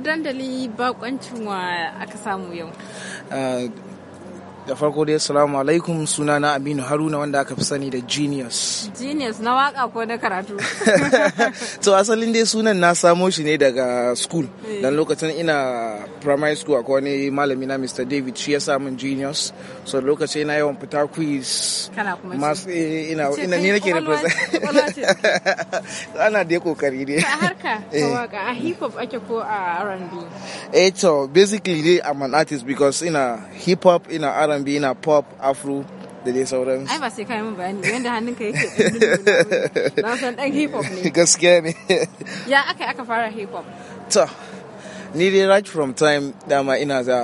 dandali bakoncin wa aka samu yau ah, da farko dai salamu alaikum suna na aminu haruna wanda aka fi sani da genius genius na waka ko na karatu to asalin dai sunan na samo shi ne daga school eh. dan lokacin ina primary school akwai wani malami na mr david shi ya sa genius so lokacin na yawan fita quiz mas eh, eh, ina ina ni nake represent ana dai kokari dai harka waka a hip hop ake ko a R&B eh to basically dai I'm an artist because ina hip hop ina R&B R&B na pop afro da dai sauran ai ba sai kai mun bayani yanda ka yake na san dan hip hop ne gaskiya ne ya aka aka fara hip hop to ni dai right from time dama ina da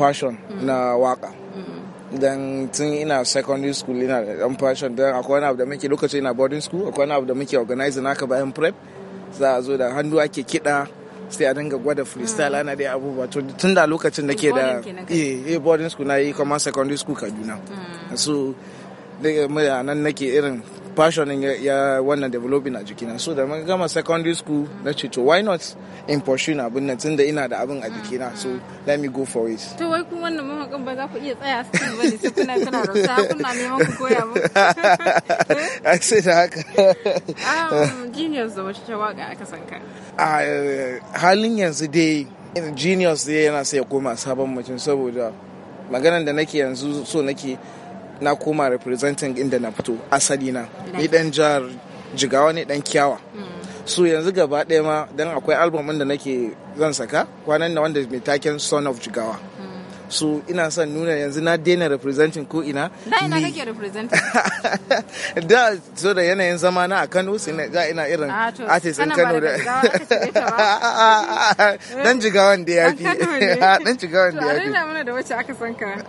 passion mm. na waka mm-hmm. dan tun ina secondary school ina da dan fashion dan akwai wani abu da muke lokacin ina boarding school akwai wani abu da muke na ka bayan prep za a zo da hannu ake kiɗa sai a dinga gwada freestyle mm. ana dai abubuwa to tun da lokacin da ke da e, eh, eh boarding school na yi kuma secondary school kaduna mm. so daga nan nake irin passion ya wannan developing a jikina so da mun gama secondary school na ce to why not in pursue na abin nan tunda ina da abin a jikina so let me go for it to wai kun wannan mawakan ba za ku iya tsaya su ba ne sai kuna kuna rauta kuna neman ku koya ba. ai sai da haka ah, genius da wacce waka aka sanka a halin yanzu dai genius dai yana sai ya koma sabon mutum saboda maganan da nake yanzu so nake na koma representing inda na fito asali na ni dan jihar jigawa ne dan kyawa hmm. su yanzu gaba ɗaya ma dan akwai album da nake zan saka kwanan na wanda mai taken son of jigawa so ina son nuna yanzu na daina representing ko ina da ina kake representing da so da yanayin zama na a Kano sai na ina irin ah, artist in Kano da dan jigawan da yafi dan jigawan da yafi to a mana da wacce aka san ka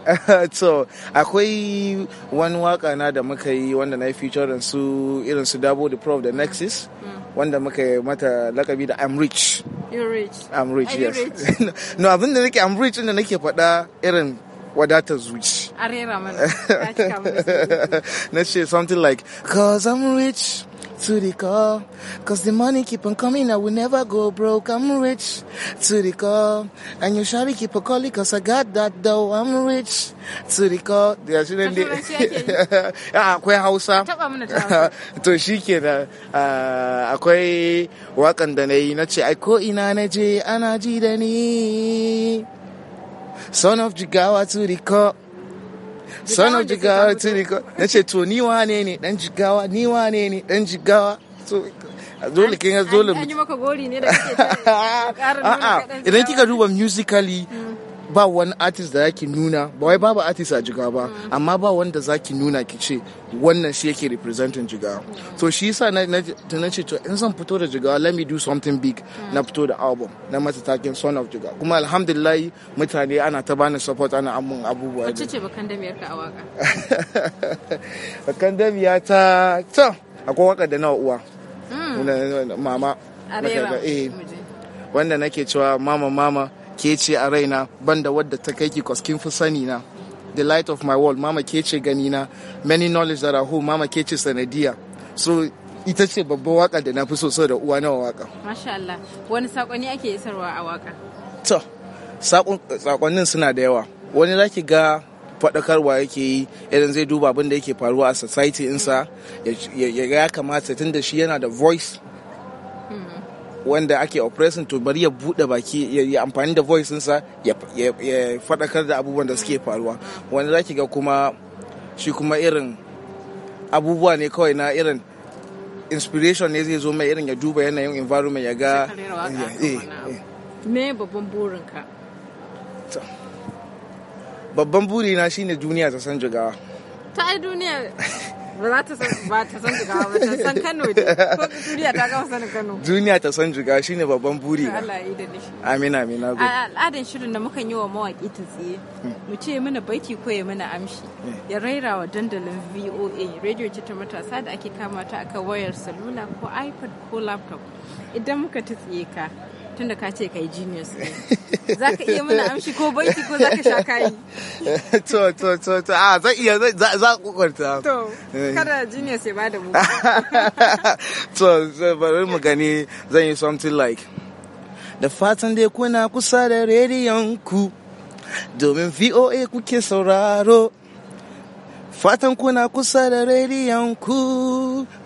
to akwai wani waka na da muka yi wanda na yi featuring su irin su Dabo the Prof da Nexus mm. wanda muka yi mata lakabi da I'm rich You're rich. I'm rich, Are yes. Rich? no, abin da nake, I'm rich inda nake faɗa irin wadatar zuci. A rera mana. Na ce something like, cause I'm rich. to the call. Cause the money keep on coming, I will never go broke. I'm rich to the call. And you shall keep on calling cause I got that dough. I'm rich to the call. Da shi nan dai. Akwai Hausa. To shi ke da ah, akwai wakan da na yi na ce, ko ina na je ana ji da ni. Son of Jigawa to the call. son of jigawa to na ce to ni wane ne dan jigawa ni wane ne dan jigawa so dole kin ga dole an yi maka gori ne da kike a'a idan kika duba musically ba wani artist da yake nuna ba wai babu artist a jiga ba mm. amma ba wanda zaki nuna ki ce wannan shi yake representing jiga so mm. shi yasa na ce to in zan fito da jiga let me do something big mm. na fito da album na masa takin son of jiga kuma alhamdulillah mutane ana ta bani support ana amun abubuwa wacce ce bakan miyar ka a waka bakan damiya ta ta akwai waka da nawa uwa mama eh. wanda nake cewa mama mama ke ce a raina banda wadda ta kai ki kin fi sani na the light of my world mama ke ce gani na many knowledge that are home mama ke ce sanadiya so ita ce babban waka da na fi so da uwa nawa waka. Masha Allah, wani sakonni ake isarwa a waka? To, sakonnin suna da yawa. Wani za ki ga faɗakarwa yake yi idan zai duba abin da yake faruwa a society insa ya ga ya kamata tun da shi yana da voice wanda ake oppressing to bari ya bude baki ya amfani da voice ɗinsa ya faɗakar da abubuwan da suke faruwa wanda zaki ga kuma shi kuma irin abubuwa ne kawai na irin inspiration ne zai zo mai irin ya duba yanayin environment ya ga me babban burin ka. babban na shine duniya ta san jigawa ta ai duniya ba ta san jiga ba ta san kano ne duniya ta gama sanin kano duniya ta san shine babban buri Allah ya da amin amin shirin da muka yi wa mawaki ta tsiye mu ce mana baiti ko ya mana amshi hmm. ya raira wa dandalin VOA radio ce ta matasa da ake kama ta akan wayar salula ko iPad ko laptop idan muka ta tsiye ka tunda ka ce kai genius za ka iya mana amshi ko banki ko za ka sha kayi to to to to a ah, zan iya za ku kwanta to eh. kada genius ya bada mu to bari mu gani zan yi something like da fatan dai kuna kusa da rediyon ku domin VOA kuke sauraro fatan kuna kusa da rediyon ku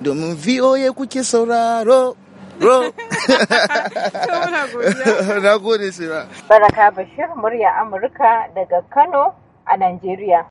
domin VOA kuke sauraro ro Na gode sai Baraka Bashir, murya Amurka daga Kano a Najeriya.